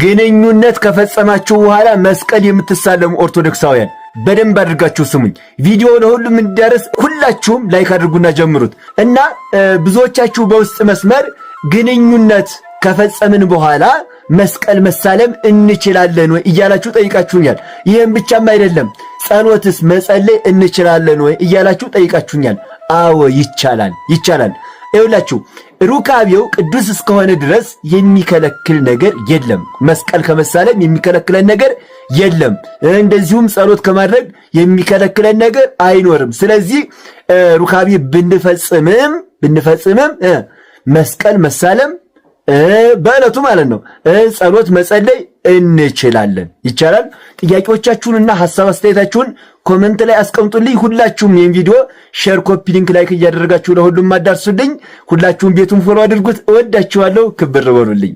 ግንኙነት ከፈጸማችሁ በኋላ መስቀል የምትሳለሙ ኦርቶዶክሳውያን በደንብ አድርጋችሁ ስሙኝ። ቪዲዮ ለሁሉም እንዲደርስ ሁላችሁም ላይክ አድርጉና ጀምሩት እና ብዙዎቻችሁ በውስጥ መስመር ግንኙነት ከፈጸምን በኋላ መስቀል መሳለም እንችላለን ወይ እያላችሁ ጠይቃችሁኛል። ይህም ብቻም አይደለም፣ ጸሎትስ መጸለይ እንችላለን ወይ እያላችሁ ጠይቃችሁኛል። አዎ ይቻላል፣ ይቻላል። ይውላችሁ ሩካቤው ቅዱስ እስከሆነ ድረስ የሚከለክል ነገር የለም። መስቀል ከመሳለም የሚከለክለን ነገር የለም። እንደዚሁም ጸሎት ከማድረግ የሚከለክለን ነገር አይኖርም። ስለዚህ ሩካቤ ብንፈጽምም ብንፈጽምም መስቀል መሳለም በዕለቱ ማለት ነው ጸሎት መጸለይ እንችላለን። ይቻላል። ጥያቄዎቻችሁንና ሀሳብ አስተያየታችሁን ኮመንት ላይ አስቀምጡልኝ። ሁላችሁም ይህን ቪዲዮ ሼር፣ ኮፒ ሊንክ፣ ላይክ እያደረጋችሁ ለሁሉም አዳርሱልኝ። ሁላችሁም ቤቱን ፎሎ አድርጉት። እወዳችኋለሁ። ክብር በሉልኝ።